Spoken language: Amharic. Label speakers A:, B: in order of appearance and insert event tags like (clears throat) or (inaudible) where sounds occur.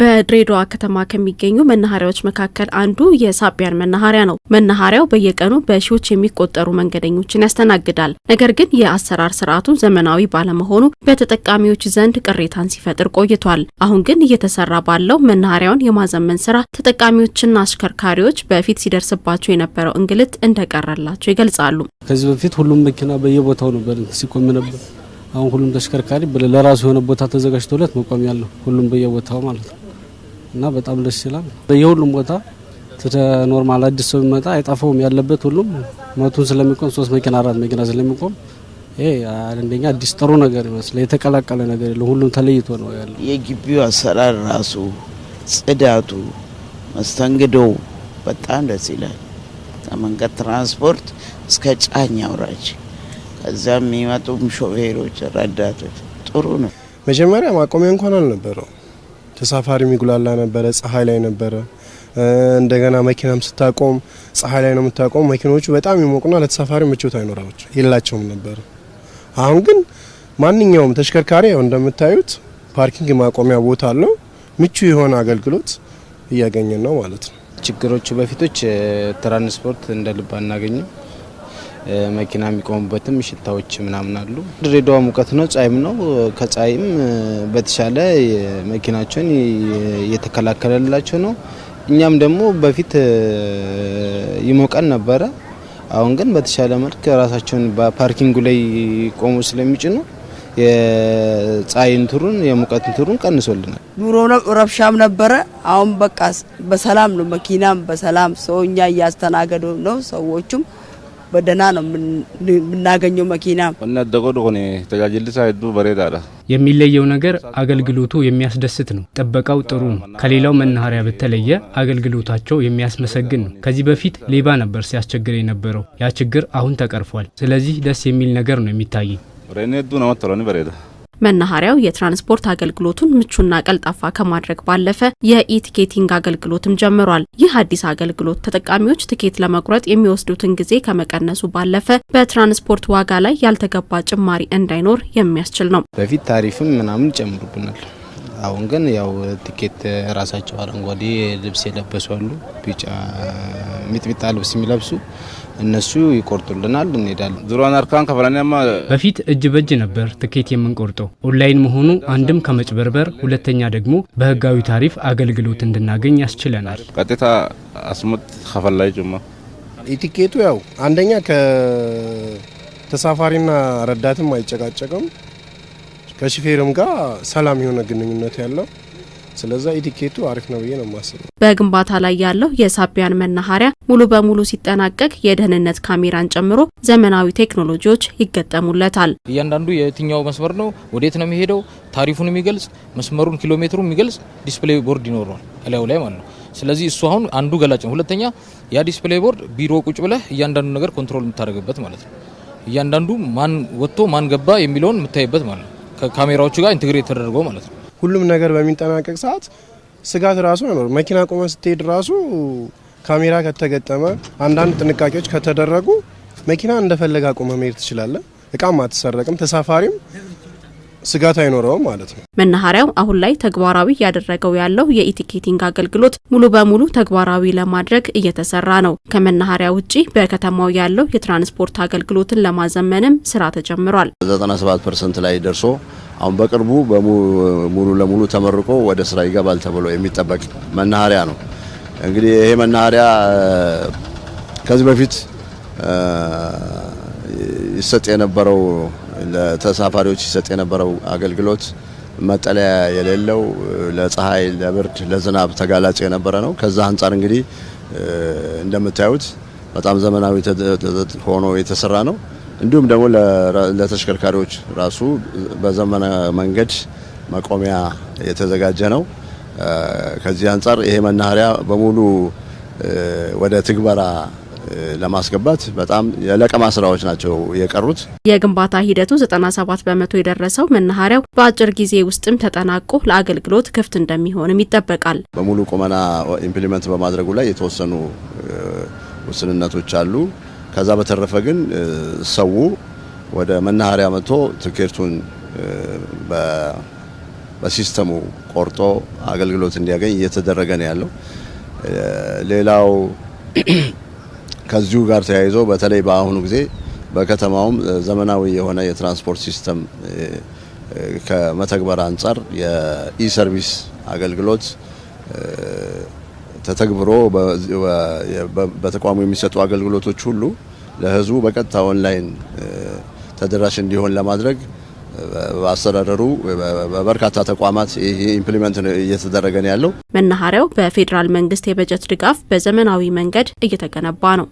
A: በድሬዳዋ ከተማ ከሚገኙ መናኸሪያዎች መካከል አንዱ የሳቢያን መናኸሪያ ነው። መናኸሪያው በየቀኑ በሺዎች የሚቆጠሩ መንገደኞችን ያስተናግዳል። ነገር ግን የአሰራር ስርዓቱ ዘመናዊ ባለመሆኑ በተጠቃሚዎች ዘንድ ቅሬታን ሲፈጥር ቆይቷል። አሁን ግን እየተሰራ ባለው መናኸሪያውን የማዘመን ስራ ተጠቃሚዎችና አሽከርካሪዎች በፊት ሲደርስባቸው የነበረው እንግልት እንደቀረላቸው ይገልጻሉ።
B: ከዚህ በፊት ሁሉም መኪና በየቦታው ነበር ሲቆም ነበር። አሁን ሁሉም ተሽከርካሪ ለራሱ የሆነ ቦታ ተዘጋጅቶለት መቆሚያ አለው። ሁሉም በየቦታው ማለት ነው። እና በጣም ደስ ይላል። በየሁሉም ቦታ ኖርማል አዲስ ሰው ቢመጣ አይጠፋውም ያለበት ሁሉም መቱን ስለሚቆም ሶስት መኪና አራት መኪና ስለሚቆም ይሄ አንደኛ አዲስ ጥሩ ነገር ይመስላል። የተቀላቀለ ነገር የለም። ሁሉም ተለይቶ ነው ያለው።
C: የግቢው አሰራር ራሱ ጽዳቱ፣ መስተንግዶው በጣም ደስ ይላል። ከመንገድ ትራንስፖርት እስከ ጫኝ አውራጅ ከዚያም የሚመጡም ሾፌሮች፣ ረዳቶች ጥሩ ነው።
D: መጀመሪያ ማቆሚያ እንኳን አልነበረው ተሳፋሪ የሚጉላላ ነበረ። ፀሐይ ላይ ነበረ። እንደገና መኪናም ስታቆም ፀሐይ ላይ ነው የምታቆም። መኪናዎቹ በጣም ይሞቁና ለተሳፋሪ ምቾት አይኖራቸው የላቸውም ነበር። አሁን ግን ማንኛውም ተሽከርካሪ ያው እንደምታዩት ፓርኪንግ ማቆሚያ ቦታ አለው። ምቹ የሆነ አገልግሎት እያገኘን ነው ማለት ነው።
E: ችግሮቹ በፊቶች ትራንስፖርት እንደ ልብ አናገኝም። መኪና የሚቆሙበትም ሽታዎች ምናምን አሉ። ድሬዳዋ ሙቀት ነው፣ ፀሐይም ነው። ከፀሐይም በተሻለ መኪናቸውን እየተከላከለላቸው ነው። እኛም ደግሞ በፊት ይሞቀን ነበረ። አሁን ግን በተሻለ መልክ ራሳቸውን በፓርኪንጉ ላይ ቆሙ ስለሚጭኑ የፀሐይን ቱሩን የሙቀትን ቱሩን ቀንሶልናል።
F: ኑሮ ረብሻም ነበረ። አሁን በቃ በሰላም ነው። መኪናም በሰላም ሰውኛ እያስተናገዱ ነው ሰዎቹም በደህና ነው የምናገኘው መኪና።
G: ተጃጅልሳ ዱ በሬዳ
A: የሚለየው ነገር አገልግሎቱ የሚያስደስት ነው። ጥበቃው ጥሩ ነው። ከሌላው መናኸሪያ በተለየ አገልግሎታቸው የሚያስመሰግን ነው። ከዚህ በፊት ሌባ ነበር ሲያስቸግር የነበረው። ያ ችግር አሁን ተቀርፏል። ስለዚህ ደስ የሚል ነገር ነው የሚታየኝ። መናኸሪያው የትራንስፖርት አገልግሎቱን ምቹና ቀልጣፋ ከማድረግ ባለፈ የኢቲኬቲንግ አገልግሎትም ጀምሯል። ይህ አዲስ አገልግሎት ተጠቃሚዎች ትኬት ለመቁረጥ የሚወስዱትን ጊዜ ከመቀነሱ ባለፈ በትራንስፖርት ዋጋ ላይ ያልተገባ ጭማሪ እንዳይኖር የሚያስችል ነው።
E: በፊት ታሪፍም ምናምን ጨምሩብናል። አሁን ግን ያው ትኬት ራሳቸው አረንጓዴ ልብስ የለበሱ አሉ፣ ቢጫ ሚጥሚጣ ልብስ የሚለብሱ እነሱ ይቆርጡልናል፣ እንሄዳለን።
G: ዙሯን አርካን ከፈላኒያማ
A: በፊት እጅ በእጅ ነበር ትኬት የምንቆርጠው። ኦንላይን መሆኑ አንድም ከመጭበርበር፣ ሁለተኛ ደግሞ በህጋዊ ታሪፍ አገልግሎት እንድናገኝ ያስችለናል።
G: ቀጥታ አስሙት ከፈላይ ጭማ
D: ኢቲኬቱ ያው አንደኛ ከተሳፋሪና ረዳትም አይጨቃጨቅም ከሽፌርም ጋር ሰላም የሆነ ግንኙነት ያለው ስለዛ ኢቲኬቱ አሪፍ ነው ብዬ ነው የማስበው።
A: በግንባታ ላይ ያለው የሳቢያን መናኸሪያ ሙሉ በሙሉ ሲጠናቀቅ የደህንነት ካሜራን ጨምሮ ዘመናዊ ቴክኖሎጂዎች ይገጠሙለታል።
H: እያንዳንዱ የትኛው መስመር ነው ወዴት ነው የሚሄደው ታሪፉን የሚገልጽ መስመሩን፣ ኪሎ የሚገልጽ ዲስፕሌይ ቦርድ ይኖረዋል እላዩ ላይ ማለት ነው። ስለዚህ እሱ አሁን አንዱ ገላጭ ነው። ሁለተኛ ያ ዲስፕሌይ ቦርድ ቢሮ ቁጭ ብለህ እያንዳንዱ ነገር ኮንትሮል የምታደርግበት ማለት ነው። እያንዳንዱ ማን ወጥቶ ማን ገባ የሚለውን የምታይበት ማለት ነው። ከካሜራዎቹ ጋር ኢንትግሬት ተደርጎ ማለት ነው።
D: ሁሉም ነገር በሚጠናቀቅ ሰዓት ስጋት ራሱ አይኖር። መኪና ቆመ ስትሄድ ራሱ ካሜራ ከተገጠመ አንዳንድ ጥንቃቄዎች ከተደረጉ መኪና እንደፈለገ አቁመ መሄድ ትችላለን። እቃም አትሰረቅም፣ ተሳፋሪም ስጋት አይኖረውም ማለት ነው።
A: መናኸሪያው አሁን ላይ ተግባራዊ እያደረገው ያለው የኢቲኬቲንግ አገልግሎት ሙሉ በሙሉ ተግባራዊ ለማድረግ እየተሰራ ነው። ከመናኸሪያ ውጪ በከተማው ያለው የትራንስፖርት አገልግሎትን ለማዘመንም ስራ ተጀምሯል።
I: 97 ፐርሰንት ላይ ደርሶ አሁን በቅርቡ ሙሉ ለሙሉ ተመርቆ ወደ ስራ ይገባል ተብሎ የሚጠበቅ መናኸሪያ ነው። እንግዲህ ይሄ መናኸሪያ ከዚህ በፊት ይሰጥ የነበረው ለተሳፋሪዎች ይሰጥ የነበረው አገልግሎት መጠለያ የሌለው ለፀሐይ፣ ለብርድ፣ ለዝናብ ተጋላጭ የነበረ ነው። ከዛ አንጻር እንግዲህ እንደምታዩት በጣም ዘመናዊ ሆኖ የተሰራ ነው። እንዲሁም ደግሞ ለተሽከርካሪዎች ራሱ በዘመነ መንገድ መቆሚያ የተዘጋጀ ነው። ከዚህ አንጻር ይሄ መናኸሪያ በሙሉ ወደ ትግበራ ለማስገባት በጣም የለቀማ ስራዎች ናቸው የቀሩት።
A: የግንባታ ሂደቱ 97 በመቶ የደረሰው መናኸሪያው በአጭር ጊዜ ውስጥም ተጠናቆ ለአገልግሎት ክፍት እንደሚሆንም ይጠበቃል።
I: በሙሉ ቁመና ኢምፕሊመንት በማድረጉ ላይ የተወሰኑ ውስንነቶች አሉ። ከዛ በተረፈ ግን ሰው ወደ መናኸሪያ መጥቶ ትኬቱን በሲስተሙ ቆርጦ አገልግሎት እንዲያገኝ እየተደረገ ነው ያለው። ሌላው (clears throat) ከዚሁ ጋር ተያይዞ በተለይ በአሁኑ ጊዜ በከተማውም ዘመናዊ የሆነ የትራንስፖርት ሲስተም ከመተግበር አንጻር የኢ ሰርቪስ አገልግሎት ተተግብሮ በተቋሙ የሚሰጡ አገልግሎቶች ሁሉ ለህዝቡ በቀጥታ ኦንላይን ተደራሽ እንዲሆን ለማድረግ አስተዳደሩ በበርካታ ተቋማት ኢምፕሊመንት እየተደረገ ነው ያለው።
A: መናኸሪያው በፌዴራል መንግስት የበጀት ድጋፍ በዘመናዊ መንገድ እየተገነባ ነው።